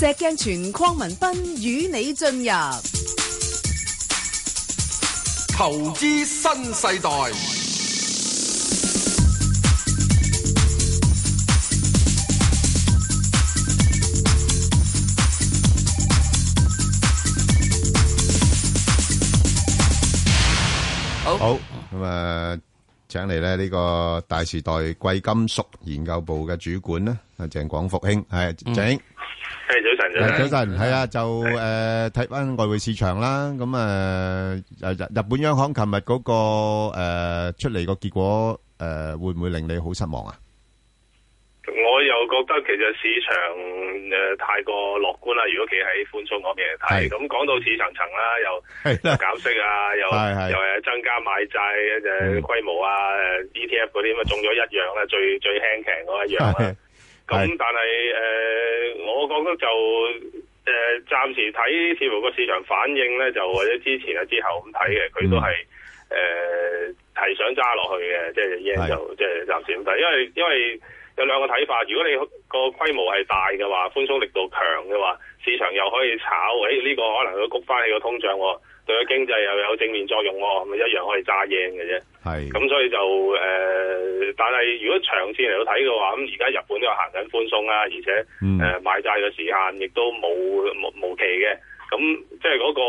石鏡泉鄺文斌與你進入投資新世代。好，咁啊，請嚟咧呢個大時代貴金屬研究部嘅主管咧阿鄭廣復兄，係請。係早晨，早晨係啊，就誒睇翻外匯市場啦。咁啊，日日本央行琴日嗰個誒出嚟個結果誒，會唔會令你好失望啊？我又覺得其實市場誒太過樂觀啦。如果企喺寬鬆嗰邊係咁講到似層層啦，又減息啊，又又誒增加買債嘅規模啊，ETF 嗰啲咁啊，中咗一樣啦，最最輕騎嗰一樣啦。咁但係誒，我覺得就誒，暫時睇似乎個市場反應咧，就或者之前啊之後咁睇嘅，佢都係誒係想揸落去嘅，即係 yen 就即係暫時咁睇，因為因為有兩個睇法，如果你個規模係大嘅話，寬鬆力度強嘅話，市場又可以炒，誒呢個可能都谷翻起個通脹喎，對個經濟又有正面作用喎，咪一樣可以揸 yen 嘅啫。係。咁所以就誒。但係如果長線嚟到睇嘅話，咁而家日本都行緊寬鬆啦，而且誒買、嗯呃、債嘅時限亦都冇無期嘅，咁即係嗰、那個、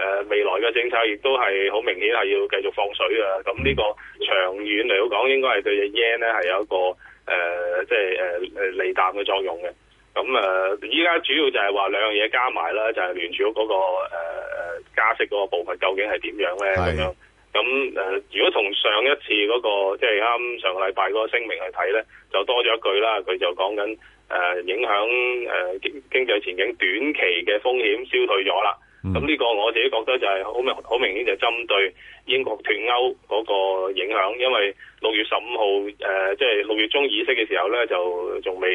呃、未來嘅政策亦都係好明顯係要繼續放水啊。咁呢個長遠嚟到講，應該係對日元咧係有一個誒、呃、即係誒誒利淡嘅作用嘅。咁誒依家主要就係話兩樣嘢加埋啦，就係、是、聯儲局嗰個、呃、加息嗰個部分究竟係點樣咧咁樣。咁誒、嗯，如果從上一次嗰、那個即係啱上個禮拜嗰個聲明去睇咧，就多咗一句啦。佢就講緊誒影響誒、呃、經濟前景短期嘅風險消退咗啦。咁、嗯、呢、嗯、個我自己覺得就係好明好明顯就針對英國脱歐嗰個影響，因為六月十五號誒即係六月中議息嘅時候咧，就仲未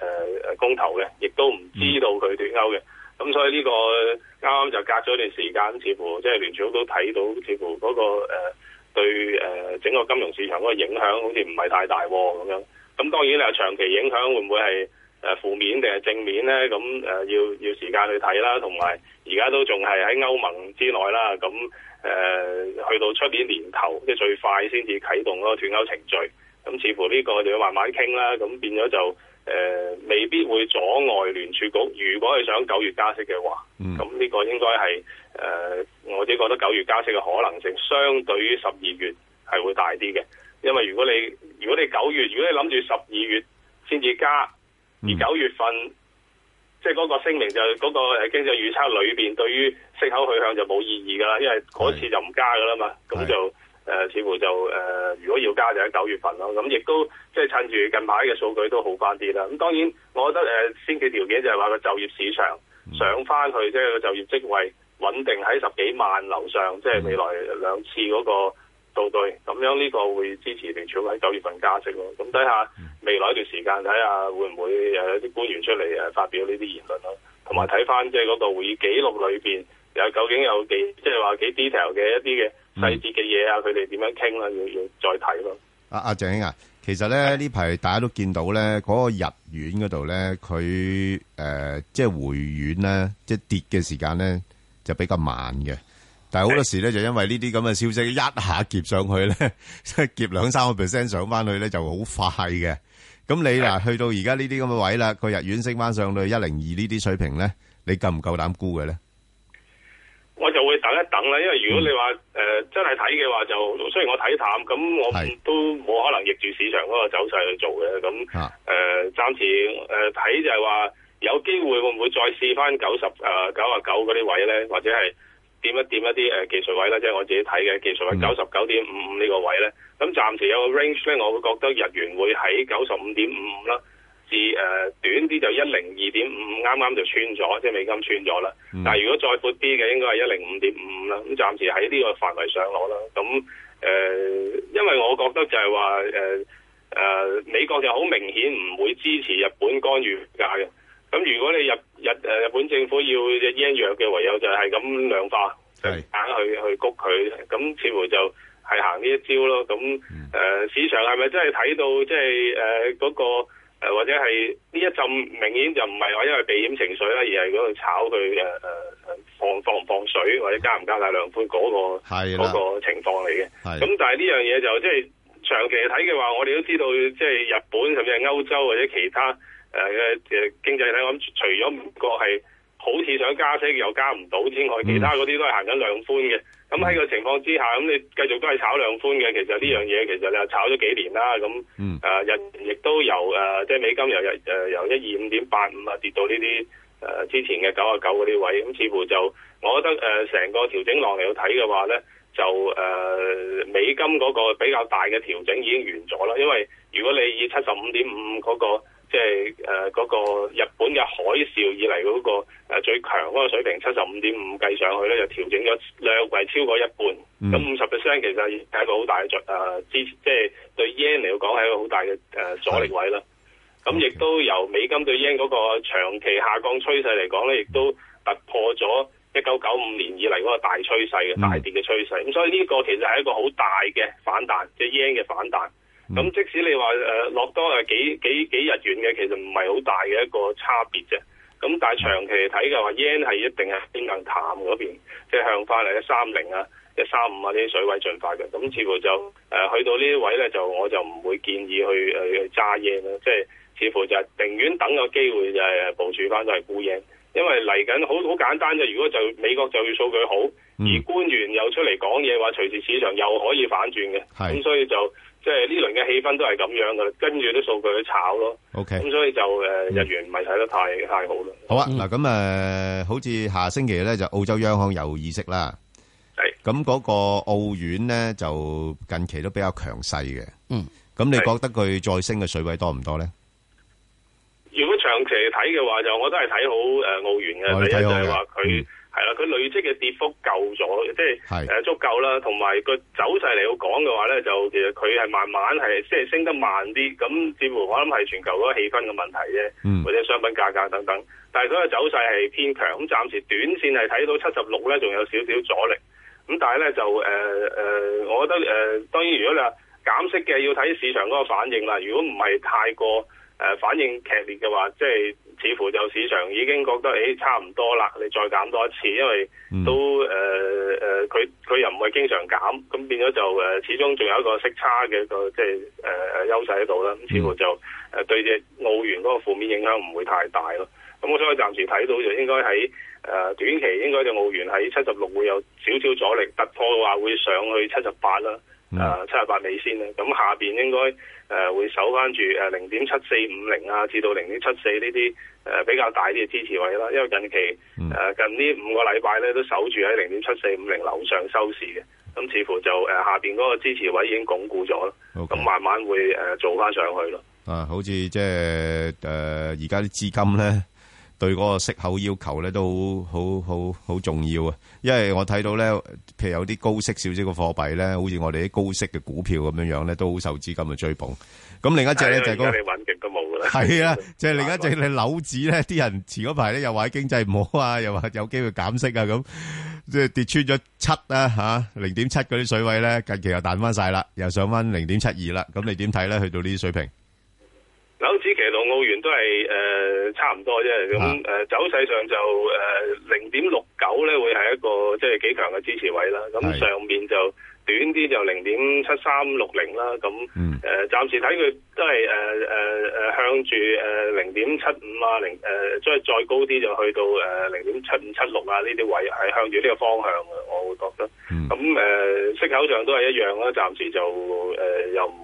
誒公投嘅，亦都唔知道佢脱歐嘅。嗯嗯。咁所以呢個啱啱就隔咗一段時間，似乎即係聯儲都睇到，似乎嗰、那個誒、呃、對誒整個金融市場嗰個影響好似唔係太大喎，咁樣。咁當然你話長期影響會唔會係誒負面定係正面咧？咁誒、呃、要要時間去睇啦。同埋而家都仲係喺歐盟之內啦。咁誒、呃、去到出年年頭，即、就、係、是、最快先至啟動嗰個脫歐程序。咁似乎呢個就要慢慢傾啦。咁變咗就。誒、呃，未必會阻礙聯儲局。如果你想九月加息嘅話，咁呢、嗯、個應該係誒，我自己覺得九月加息嘅可能性相對於十二月係會大啲嘅。因為如果你如果你九月，如果你諗住十二月先至加，嗯、而九月份即係嗰個聲明就嗰、嗰個誒經濟預測裏邊對於息口去向就冇意義噶啦，因為嗰次就唔加噶啦嘛，咁的就。誒、呃、似乎就誒、呃，如果要加就喺、是、九月份咯。咁、啊、亦都即係趁住近排嘅數據都好翻啲啦。咁、啊、當然，我覺得誒、呃、先決條件就係話個就業市場上翻去，即、就、係、是、個就業職位穩定喺十幾萬樓上，即係未來兩次嗰個度對。咁樣呢個會支持定全喺九月份加息咯。咁睇下未來一段時間睇下會唔會誒有啲官員出嚟誒發表呢啲言論咯。同埋睇翻即係嗰、那個會議記錄裏邊又究竟有幾即係話幾 detail 嘅一啲嘅。細節嘅嘢啊，佢哋點樣傾啦，要要再睇咯。阿阿鄭兄啊，其實咧呢排的大家都見到咧，嗰、嗰個日元嗰度咧，佢誒即係回軟咧，即係跌嘅時間咧就比較慢嘅。但係好多時咧的就因為呢啲咁嘅消息一下夾上去咧，夾兩三個 percent 上翻去咧就好快嘅。咁你嗱的去到而家呢啲咁嘅位啦，個日元升翻上去一零二呢啲水平咧，你夠唔夠膽估嘅咧？我就會等一等啦，因為如果你、呃、話誒真係睇嘅話，就雖然我睇淡，咁我都冇可能逆住市場嗰個走勢去做嘅。咁誒暫時誒睇、呃、就係話有機會會唔會再試返九十九啊九十九嗰啲位咧，或者係點一點一啲誒、呃、技術位啦？即、就、係、是、我自己睇嘅技術位九十九點五五呢個位咧。咁暫時有個 range 咧，我會覺得日元會喺九十五點五五啦。Uh, 短是短啲就一零二點五，啱啱就穿咗，即係美金穿咗啦。嗯、但係如果再闊啲嘅，應該係一零五點五五啦。咁暫時喺呢個範圍上落啦。咁誒、呃，因為我覺得就係話誒誒，美國就好明顯唔會支持日本干預價嘅。咁如果你日日誒日本政府要嘅日圓弱嘅，唯有就係咁量化係硬是去去谷佢。咁似乎就係行呢一招咯。咁誒、呃、市場係咪真係睇到即係誒嗰個？誒或者係呢一浸，明顯就唔係話因為避險情緒啦，而係嗰度炒佢誒誒誒放放唔放水，或者加唔加大量款嗰個係嗰個情況嚟嘅。係咁，但係呢樣嘢就即係長期睇嘅話，我哋都知道，即係日本甚至係歐洲或者其他誒嘅誒經濟體，我諗除咗唔過係。好似想加息又加唔到，之外其他嗰啲都係行緊量寬嘅。咁喺、嗯、個情況之下，咁你繼續都係炒量寬嘅。其實呢樣嘢，其實你又炒咗幾年啦。咁誒日亦都由誒、呃，即係美金、呃、由日誒由一二五點八五啊跌到呢啲誒之前嘅九啊九嗰啲位。咁、呃、似乎就我覺得誒成、呃、個調整落嚟，到睇嘅話咧，就誒、呃、美金嗰個比較大嘅調整已經完咗啦。因為如果你以七十五點五嗰個即係誒嗰個日本嘅海嘯以嚟嗰、嗰個、呃、最強嗰個水平七十五點五計上去咧，就調整咗略為超過一半，咁五十 percent 其實係一個好大嘅誒支，即、呃、係、就係、對 yen 嚟講係一個好大嘅誒、呃、阻力位啦。咁亦的都由美金對 yen 嗰個長期下降趨勢嚟講咧，亦、嗯、都突破咗一九九五年以嚟嗰個大趨勢嘅、嗯、大跌嘅趨勢。咁所以呢個其實係一個好大嘅反彈，即係 yen 嘅反彈。咁、嗯、即使你話誒、呃、落多係幾幾幾日元嘅，其實唔係好大嘅一個差別啫。咁但係長期嚟睇嘅話，yen 係一定係偏硬淡嗰邊，即係向翻嚟一三零啊、一三五啊啲水位進發嘅。咁、嗯、似乎就誒、呃、去到呢啲位咧，就我就唔會建議去誒去揸 yen 啦。即係似乎就係寧願等個機會，就係部署翻就係沽 yen。因為嚟緊好好簡單啫，如果就美國就要數據好，而官員又出嚟講嘢話，隨時市場又可以反轉嘅，咁是、嗯、所以就即係呢輪嘅氣氛都係咁樣噶啦，跟住啲數據去炒咯。O K. 咁所以就誒日元唔係睇得太太好啦。好啊，嗱咁誒，好似下星期咧就澳洲央行有議息啦。係是。咁嗰個澳元咧就近期都比較強勢嘅。嗯。咁你覺得佢再升嘅水位多唔多咧？長期睇嘅話，就我都係睇好誒澳元嘅。呃、第一就係話佢係啦，佢、嗯、累積嘅跌幅夠咗，即係誒是、啊、足夠啦。同埋個走勢嚟講嘅話咧，就其實佢係慢慢係即係升得慢啲。咁似乎我諗係全球嗰個氣氛嘅問題啫，嗯、或者商品價格等等。但係嗰個走勢係偏強。咁暫時短線係睇到七十六咧，仲有少少阻力。咁但係咧就誒誒、呃呃，我覺得誒、呃、當然如果你話減息嘅，要睇市場嗰個反應啦。如果唔係太過誒、呃、反應劇烈嘅話，即係似乎就市場已經覺得誒、欸、差唔多啦，你再減多一次，因為都誒誒，佢、呃、佢、呃、又唔係經常減，咁變咗就誒、呃，始終仲有一個息差嘅一個即係誒優勢喺度啦，咁、呃、似乎就誒、嗯呃、對隻澳元嗰個負面影響唔會太大咯。咁我所以暫時睇到就應該喺誒短期應該就澳元喺七十六會有少少阻力突破嘅話會上去七十八啦，啊七十八美仙啦。咁下邊應該誒會守翻住誒零點七四五零啊，至到零點七四呢啲誒比較大啲嘅支持位啦。因為近期誒、嗯、近呢五個禮拜咧都守住喺零點七四五零樓上收市嘅，咁似乎就誒下邊嗰個支持位已經鞏固咗啦，咁 Okay. 慢慢會誒做翻上去咯。啊，好似即係誒而家啲資金咧～對嗰個息口要求咧都好好好重要啊！因為我睇到咧，譬如有啲高息少少嘅貨幣咧，好似我哋啲高息嘅股票咁樣樣咧，都好受資金嘅追捧。咁另一隻咧、哎、呀就係嗰、那個，你搵極都冇噶啦。係啊，即係、嗯、另一隻你扭指咧，啲人前嗰排咧又話經濟唔好啊，又話有機會減息啊，咁即係跌穿咗七啊，吓零點七嗰啲水位咧，近期又彈翻晒啦，又上翻零點七二啦。咁你點睇咧？去到呢啲水平？柳子其同澳元都係誒、呃、差唔多啫，咁誒、呃、走勢上就誒零點六九咧，會係一個即係幾強嘅支持位啦。咁上面就短啲就零點七三六零啦。咁誒暫時睇佢都係誒誒誒向住誒零點七五啊，零誒即係再高啲就去到誒零點七五七六啊，呢啲位係向住呢個方向嘅，我會覺得。咁誒、嗯呃、息口上都係一樣啦，暫時就誒、呃、又唔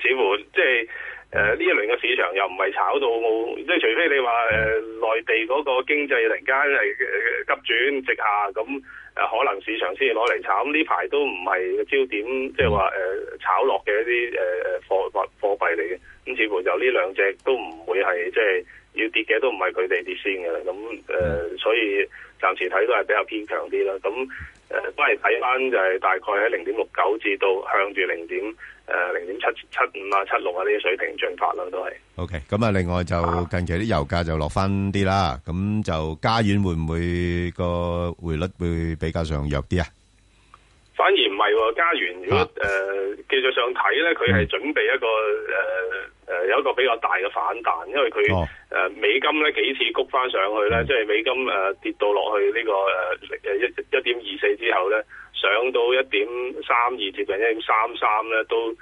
似乎即係。誒，呢、呃、一輪嘅市場又唔係炒到，即係除非你話誒、呃、內地嗰個經濟突然間係急轉直下咁，誒、呃、可能市場先攞嚟炒。咁呢排都唔係焦點，即係話誒炒落嘅一啲誒誒貨貨貨幣嚟嘅。咁似乎就呢兩隻都唔會係即係要跌嘅，都唔係佢哋跌先嘅。咁誒、呃，所以暫時睇都係比較偏強啲啦。咁誒，翻嚟睇翻就係大概喺零點六九至到向住零點。誒，零點七七五啊，七六啊，呢啲水平進發啦，都係。O K，咁啊，另外就近期啲油價就落翻啲啦，咁就加元會唔會個匯率會比較上弱啲啊？反而唔係，加元如果誒技術上睇咧，佢係準備一個誒誒、呃呃、有一個比較大嘅反彈，因為佢誒、哦呃、美金咧幾次谷翻上去咧，即係、嗯、美金誒、呃、跌到落去呢、呢個誒一一點二四之後咧。上到一點三二接近一點三三咧，都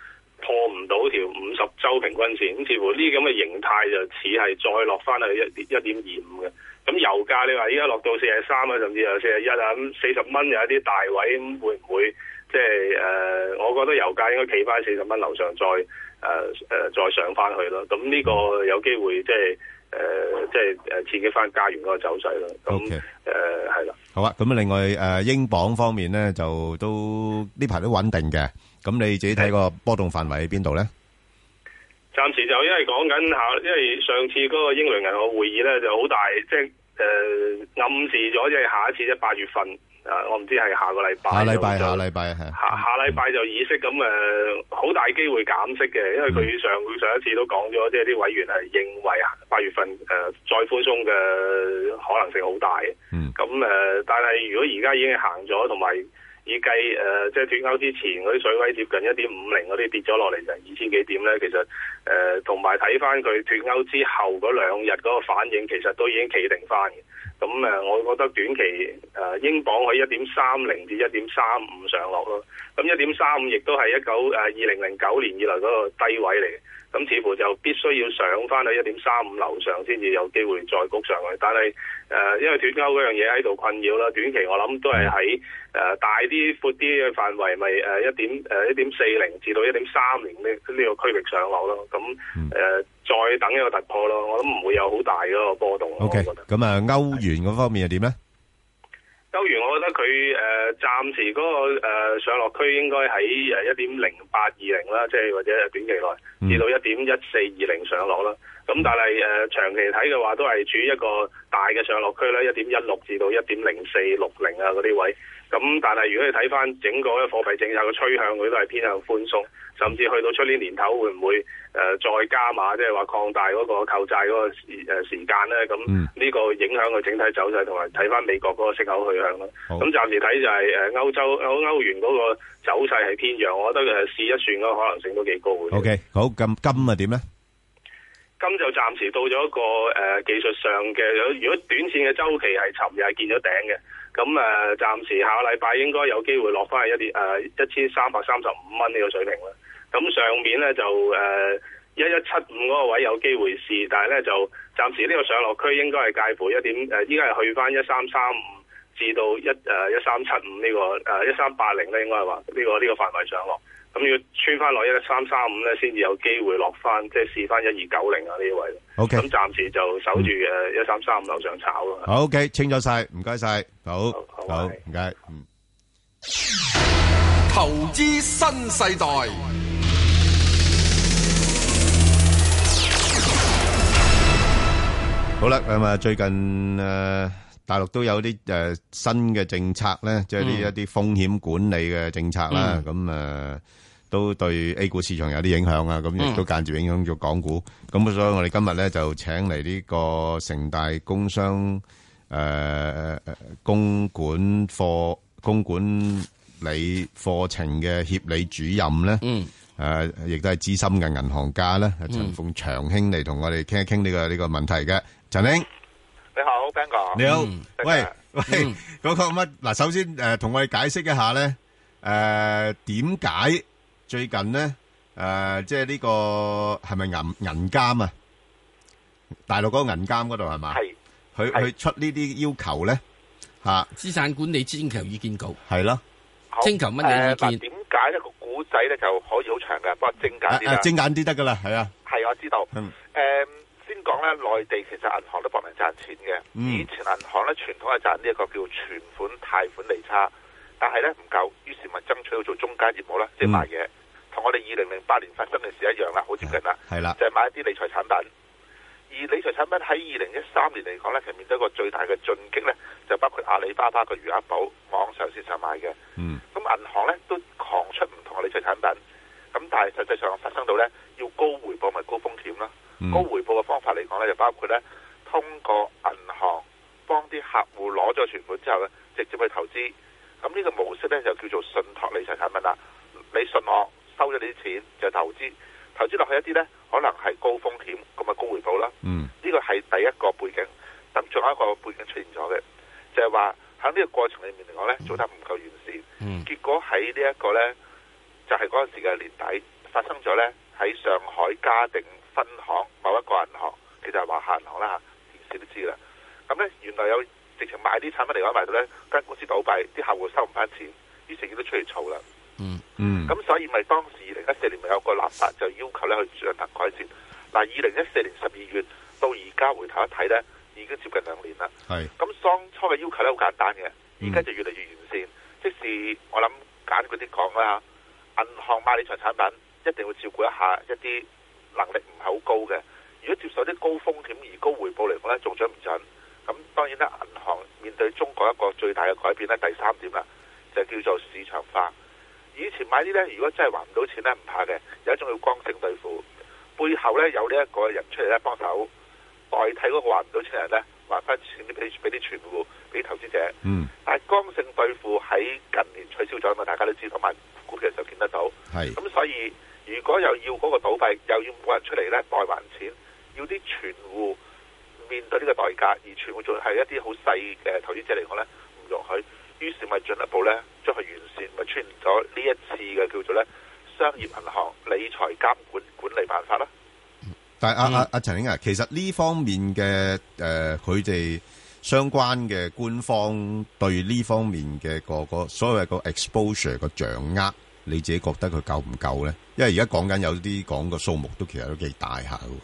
破唔到條五十週平均線，咁似乎呢啲咁嘅形態就似係再落翻去一一點二五嘅。咁油價你話依家落到四十三啊，甚至係四十一啊，咁四十蚊有一啲大位會會，咁會唔會即係誒？我覺得油價應該企翻四十蚊樓上再、呃，再誒誒再上翻去咯。咁呢個有機會即係。誒、呃，即係誒，刺激翻加元嗰個走勢咯。咁、嗯、誒，係啦 Okay.、呃。好啊，咁另外誒、呃，英鎊方面咧就都呢排都穩定嘅。咁你自己睇個波動範圍喺邊度咧？暫時就因為講緊下，因為上次嗰個英倫銀行會議咧就好大，即係。誒、呃，暗示咗即係下一次即係八月份，誒、呃，我唔知係下個禮拜，下禮拜下禮拜係下下禮拜就議息，咁誒，好、呃、大機會減息嘅，因為佢上、嗯、上一次都講咗，即係啲委員係認為啊，八月份誒、呃、再寬鬆嘅可能性好大嘅，嗯，咁誒、呃，但係如果而家已經行咗，同埋。以計誒，即係脫歐之前嗰啲水位接近一點五零，嗰啲跌咗落嚟就二千幾點咧，其實誒，同埋睇翻佢脫歐之後嗰兩日嗰個反應，其實都已經企定翻嘅。咁誒，我覺得短期誒、呃，英鎊喺一點三零至一點三五上落咯。咁一點三五亦都係一九誒二零零九年以嚟嗰個低位嚟嘅。咁似乎就必須要上翻去一點三五樓上，先至有機會再谷上去。但係誒、呃，因為脫歐嗰樣嘢喺度困擾啦，短期我諗都係喺誒大啲、闊啲嘅範圍、就是，咪誒一點誒一點四零至到一點三零呢呢個區域上落咯。咁誒。呃嗯再等一個突破咯，我諗唔會有好大嗰個波動。O K，咁啊，歐元嗰方面又點呢？歐元，我覺得佢誒暫時嗰、嗰個、呃、上落區應該喺誒一點零八二零啦，即係或者短期內至到一點一四二零上落啦。咁、嗯、但係誒、呃、長期睇嘅話，都係處於一個大嘅上落區啦，一點一六至到一點零四六零啊嗰啲位。咁，但係如果你睇翻整個嘅貨幣政策嘅趨向，佢都係偏向寬鬆，甚至去到出年年頭會唔會誒、呃、再加碼，即係話擴大嗰、那個購債嗰個時誒、呃、間咧？咁呢、嗯、個影響佢整體走勢，同埋睇翻美國嗰個息口去向咯。咁暫好、嗯、時睇就係誒歐洲歐歐元嗰個走勢係偏弱，我覺得佢係試一試咯，可能性都幾高嘅。O、okay, K，好，咁金啊點咧？金就暫時到咗一個誒、呃、技術上嘅，如果短線嘅周期係尋日係見咗頂嘅。咁誒，暫時下個禮拜應該有機會落翻去一啲誒一千三百三十五蚊呢個水平啦。咁上面咧就誒一一七五嗰個位有機會試，但係咧就暫時呢個上落區應該係介乎一點誒，依家係去翻一三三五至到一誒一三七五呢個誒一三八零咧，應該係話呢個呢、呢個呢個範圍上落。咁要穿翻落一三三五咧，先至有機會落翻，即係試翻一二九零啊呢位。OK，咁暫時就守住誒一三三五樓上炒啦。OK，清咗晒，唔該晒。好，好，唔該，嗯。投資新世代。世代，好啦，咁啊，最近誒大陸都有啲誒新嘅政策咧，即係呢一啲風險管理嘅政策啦，咁啊、嗯。都對 A 股市場有啲影響啊！咁亦都間接影響咗港股。咁所以我哋今日咧就請嚟呢個城大工商誒工管課工管理課程嘅協理主任咧，誒亦都係資深嘅銀行家咧，陳鳳翔兄嚟同我哋傾一傾呢個呢個問題嘅。陳兄，你好。Ben 哥，你好，喂喂，嗰個乜嗱？首先誒，同我哋解釋一下咧，誒點解？最近呢，誒、呃，即係、這、呢個係咪銀銀監啊？大陸嗰個銀監嗰度係嘛？係，佢佢出呢啲要求咧嚇、啊、資產管理徵求意見稿係咯，徵求乜嘢意見？啊啊啊、點解一個古仔咧就可以好長嘅？不過精簡啲精簡啲得噶啦，係啊，係我知道。誒、嗯，先講咧，內地其實銀行都搏命賺錢嘅。以前銀行咧傳統係賺呢一個叫存款貸款利差，但係咧唔夠，於是咪爭取做中間業務啦，即、就係、賣嘢。同我哋二零零八年發生嘅事一樣啦，好接近啦，就係買一啲理財產品。而理財產品喺二零一三年嚟講呢，佢面對一個最大嘅進擊呢，就包括阿里巴巴嘅餘額寶網上市場買嘅。咁、嗯、銀行呢都狂出唔同嘅理財產品。咁但係實際上發生到呢，要高回報咪高風險咯。嗯、高回報嘅方法嚟講呢，就包括呢通過銀行幫啲客戶攞咗存款之後呢，直接去投資。咁呢個模式呢，就叫做信託理財產品啦。你信我。收咗啲錢就投資，投資落去一啲呢，可能係高風險咁，啊高回報啦。呢、嗯、個係第一個背景。咁仲有一個背景出現咗嘅，就係話喺呢個過程裏面嚟講呢，做得唔夠完善，嗯、結果喺呢一個呢，就係嗰陣時嘅年底發生咗呢，喺上海嘉定分行某一個銀行，其實係華夏銀行啦吓，你都知啦。咁呢，原來有直情買啲產品嚟講賣到呢間公司倒閉，啲客戶收唔返錢，於是乎都出嚟嘈啦。嗯嗯，咁所以咪當時二零一四年咪有個立法就要求咧去進行改善，嗱，二零一四年十二月到而家回頭一睇咧，已經接近兩年啦。係咁是，當初嘅要求咧好簡單嘅，而家就越嚟越完善。嗯，即使我諗簡短啲講啦，銀行賣理財產品一定會照顧一下一啲能力唔係好高嘅。如果接受啲高風險而高回報嚟講咧，仲准唔准咁？當然啦，銀行面對中國一個最大嘅改變咧，第三點啦，就叫做市場化。以前買啲咧，如果真係還唔到錢咧，唔怕嘅。有一種叫剛性兌付，背後咧有呢一個人出嚟咧幫手代替嗰個還唔到錢嘅人咧還翻錢啲俾俾啲存戶俾投資者。嗯。但係剛性兌付喺近年取消咗嘛，大家都知道，咁啊，股票嘅時候見得到。係是。咁所以如果又要嗰個倒閉，又要冇人出嚟咧代還錢，要啲存戶面對呢個代價，而存戶仲係一啲好細嘅投資者嚟講咧唔容許，於是咪進一步咧。將去完善咪出現咗呢一次嘅叫做咧商業銀行理財監、監管管理辦法啦。嗯、但係阿阿阿陳英啊，其實呢方面嘅誒，佢、呃、哋相關嘅官方對呢方面嘅個個所謂個 exposure 個掌握，你自己覺得佢夠唔夠咧？因為而家講緊有啲講個數目都其實都幾大下嘅。誒、嗯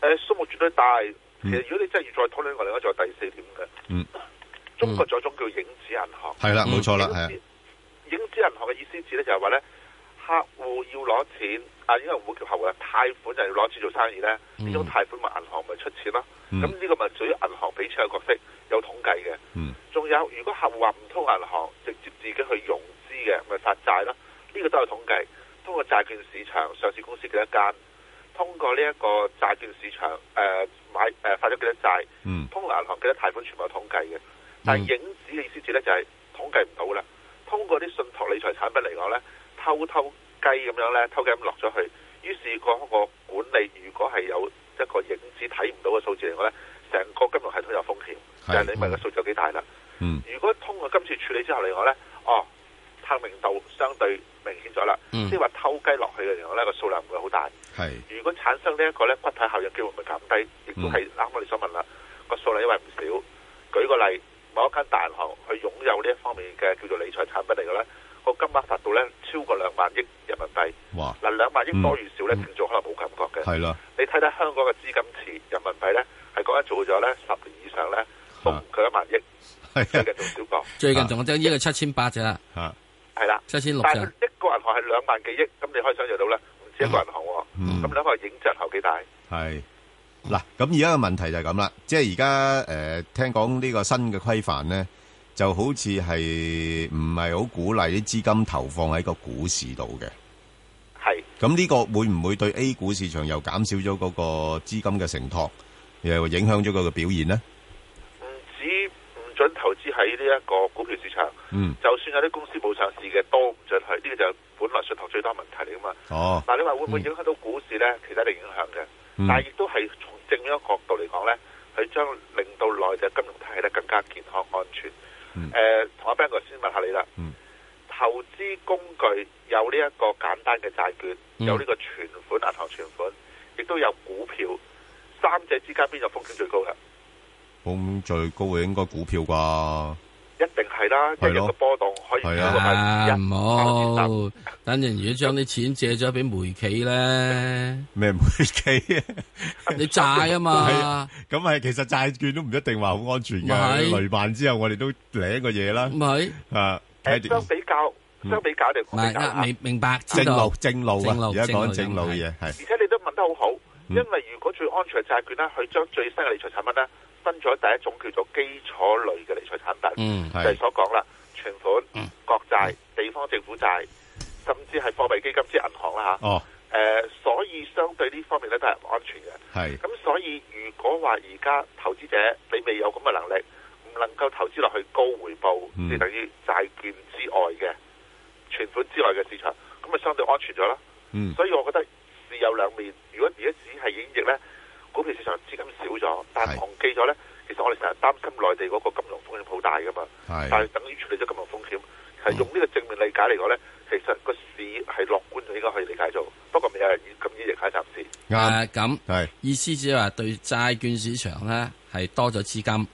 呃、數目絕對大，其實如果你真係要再討論我哋，我仲再第四點嘅。嗯。嗯、中國嗰種叫影子銀行，係啦，冇錯啦，係影，子影子銀行嘅意思指咧就係話咧，客戶要攞錢，啊，應該唔會叫投嘅，貸款就要攞錢做生意咧。呢種、嗯、貸款咪銀行咪出錢咯。咁呢、嗯、個咪屬於銀行俾錢嘅角色，有統計嘅。仲、嗯、有如果客戶話唔通銀行直接自己去融資嘅，咪發債啦。呢、這個都係統計，通過債券市場上市公司幾多間，通過呢一個債券市場誒、呃、買誒、呃、發咗幾多債，嗯，通過銀行幾多貸款全部有統計嘅。但係影子嘅意思咧就係統計唔到啦。通過啲信託理財產品嚟講咧，偷偷雞咁樣咧，偷雞咁落咗去，於是嗰個管理如果係有一個影子睇唔到嘅數字嚟講咧，成個金融系統有風險，就係是你問個數字有幾大啦。的如果通過今次處理之後嚟講咧，哦，透明度相對明顯咗啦，的即係話偷雞落去嘅時候咧，個數量唔會好大。係的，如果產生呢一個咧骨體效應，機會唔會減低，亦都係啱我哋所問啦。個數量因為唔少，舉個例。某一間大銀行去擁有呢一方面嘅叫做理財產品嚟嘅咧，個金額達到咧超過兩萬億人民幣。嗱哇，兩萬億多與少咧，聽眾、嗯、可能冇感覺嘅。係啦的，你睇睇香港嘅資金池人民幣咧，係講一做咗咧十年以上咧，都唔過一萬億，啊、最近仲少過。啊、最近仲有得依個七千八咋嚇？係啦、啊，七千六。但係一個銀行係兩萬幾億，咁你可以想像到咧，唔止一個銀行喎。咁諗下影響有幾大？係。嗱，咁而家嘅問題就係咁啦，即係而家誒，聽講呢個新嘅規範呢，就好似係唔係好鼓勵啲資金投放喺個股市度嘅。係。咁呢個會唔會對 A 股市場又減少咗嗰個資金嘅承托，又影響咗佢個表現呢？唔止唔准投資喺呢一個股票市場，嗯，就算有啲公司冇上市嘅，都唔准去呢個就本來信託最多問題嚟噶嘛。哦。但係，你話會唔會影響到股市呢？其實一定影響嘅，但係亦都。有呢個存款、銀行存款，亦都有股票，三者之間邊個風險最高嘅？風險最高嘅應該股票啩？一定係啦，一日嘅波動可以兩個 percent。唔好，但係如果將啲錢借咗俾煤企咧，咩煤企？你債啊嘛？咁係，其實債券都唔一定話好安全嘅。雷曼之後，我哋都領一個嘢啦。唔係啊，誒，相比較。相比搞定，明明白正路正路，而家講正路嘅嘢，係，而且你都問得好好，因為如果最安全嘅債券咧，佢將最新嘅理財產品咧，分咗第一種叫做基礎類嘅理財產品，即係所講啦，存款、國債、地方政府債，甚至係貨幣基金之銀行啦吓。哦、誒，所以相對呢方面咧都係安全嘅。係咁，所以如果話而家投資者你未有咁嘅能力，唔能夠投資落去高回報，即係等於債券之外嘅。存款之外嘅市場，咁咪相對安全咗啦。嗯，所以我覺得事有兩面。如果而家只係演繹咧，股票市場資金少咗，但係忘記咗咧，是其實我哋成日擔心內地嗰個金融風險好大噶嘛。係是，但係等於處理咗金融風險，係、嗯、用呢個正面理解嚟講咧，其實個市係樂觀咗，應該可以理解到。不過未有人咁演繹喺暫時。啱、嗯，咁係、啊、是意思即係話對債券市場咧係多咗資金。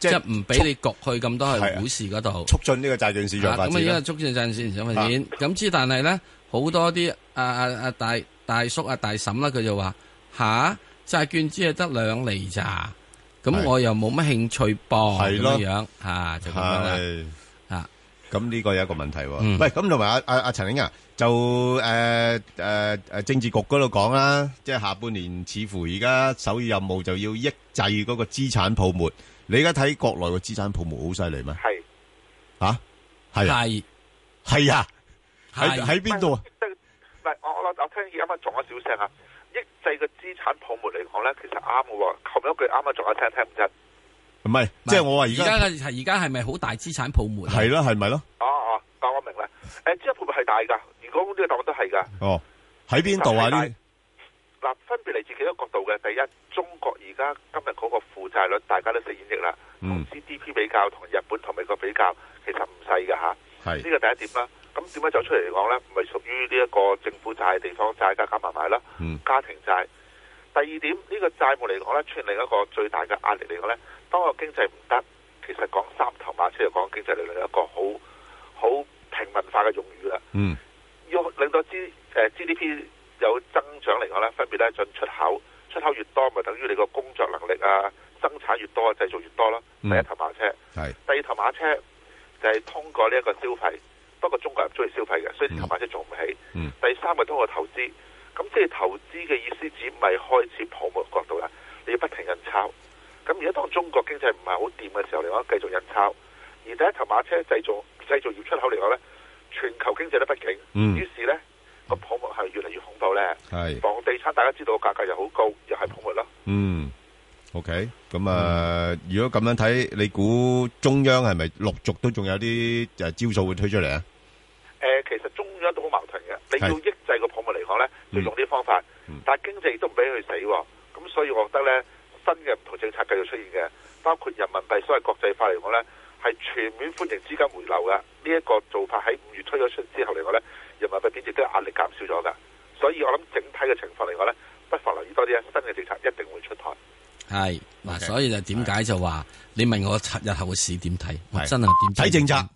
即係唔俾你焗去咁多去股市嗰度，促進呢個債券市場。咁而家係促進債券市場發展。咁之，但係咧，好多啲阿阿阿大大叔、阿大嬸啦，佢就話吓債券只係得兩厘咋，咁我又冇乜興趣噃，咁的樣、就咁、樣吓就咁啦。係啊，咁呢個有一個問題，喂咁同埋阿阿阿陳兄啊，就誒誒誒，政治局嗰度講啦，即係下半年似乎而家首要任務就要抑制嗰個資產泡沫。你而家睇國內嘅資產泡沫好犀利咩？係是，吓，係，係啊，喺喺邊度啊？唔係，我我我，我聽啱啱撞咗小聲啊！抑制嘅資產泡沫嚟講咧，其實啱嘅，後邊一句啱啱撞一聲，聽唔真。唔係，即係我話而家係而家係咪好大資產泡沫？係咯、啊，係咪咯？哦、啊、哦，但、啊、我明啦。誒、欸，資產泡沫係大噶，如果呢個檔案都係噶。哦，喺邊度啊？呢？嗱、啊，分別嚟自幾個角度嘅。第一，中國而家今日嗰個負債率大家都識演繹啦，同、嗯、GDP 比較，同日本同美國比較，其實唔細嘅嚇。呢、啊、個是第一點啦。咁點解走出嚟嚟講呢？唔咪屬於呢一個政府債、地方債、加加埋埋啦。家庭債。第二點，呢、這個債務嚟講出現另一個最大嘅壓力嚟講呢。當個經濟唔得，其實講三頭馬出嚟講，經濟力量有一個好好平民化嘅用語啦。嗯。要令到資誒 GDP。有增長嚟講咧，分別咧進出口，出口越多咪等於你個工作能力啊，生產越多製造越多咯。第一頭馬車，嗯、第二頭馬車是就係通過呢一個消費，不過中國人中意消費嘅，所以頭馬車做唔起。嗯、第三咪通過投資，咁、嗯、即係投資嘅意思只唔係開始泡沫角度啦，你要不停印鈔。咁而家當中國經濟唔係好掂嘅時候嚟講，繼續印鈔，而第一頭馬車製造製造業出口嚟講咧，全球經濟都不景，嗯、於是咧。係房地產，大家知道個價格又好高，又係泡沫啦。嗯，OK，咁啊，嗯、如果咁樣睇，你估中央係咪陸續都仲有啲誒招數會推出嚟啊？誒、呃，其實中央都好矛盾嘅，是你要抑制個泡沫嚟講咧，就用啲方法，但係經濟亦都唔俾佢死，咁所以我覺得咧，新嘅唔同政策繼續出現嘅，包括人民幣所謂國際化嚟講咧，係全面歡迎資金回流噶，呢、這、一個做法喺五月推咗出之後嚟講咧。Okay. 所以就點解就話你問我七日後嘅事點睇，我真係點睇政策？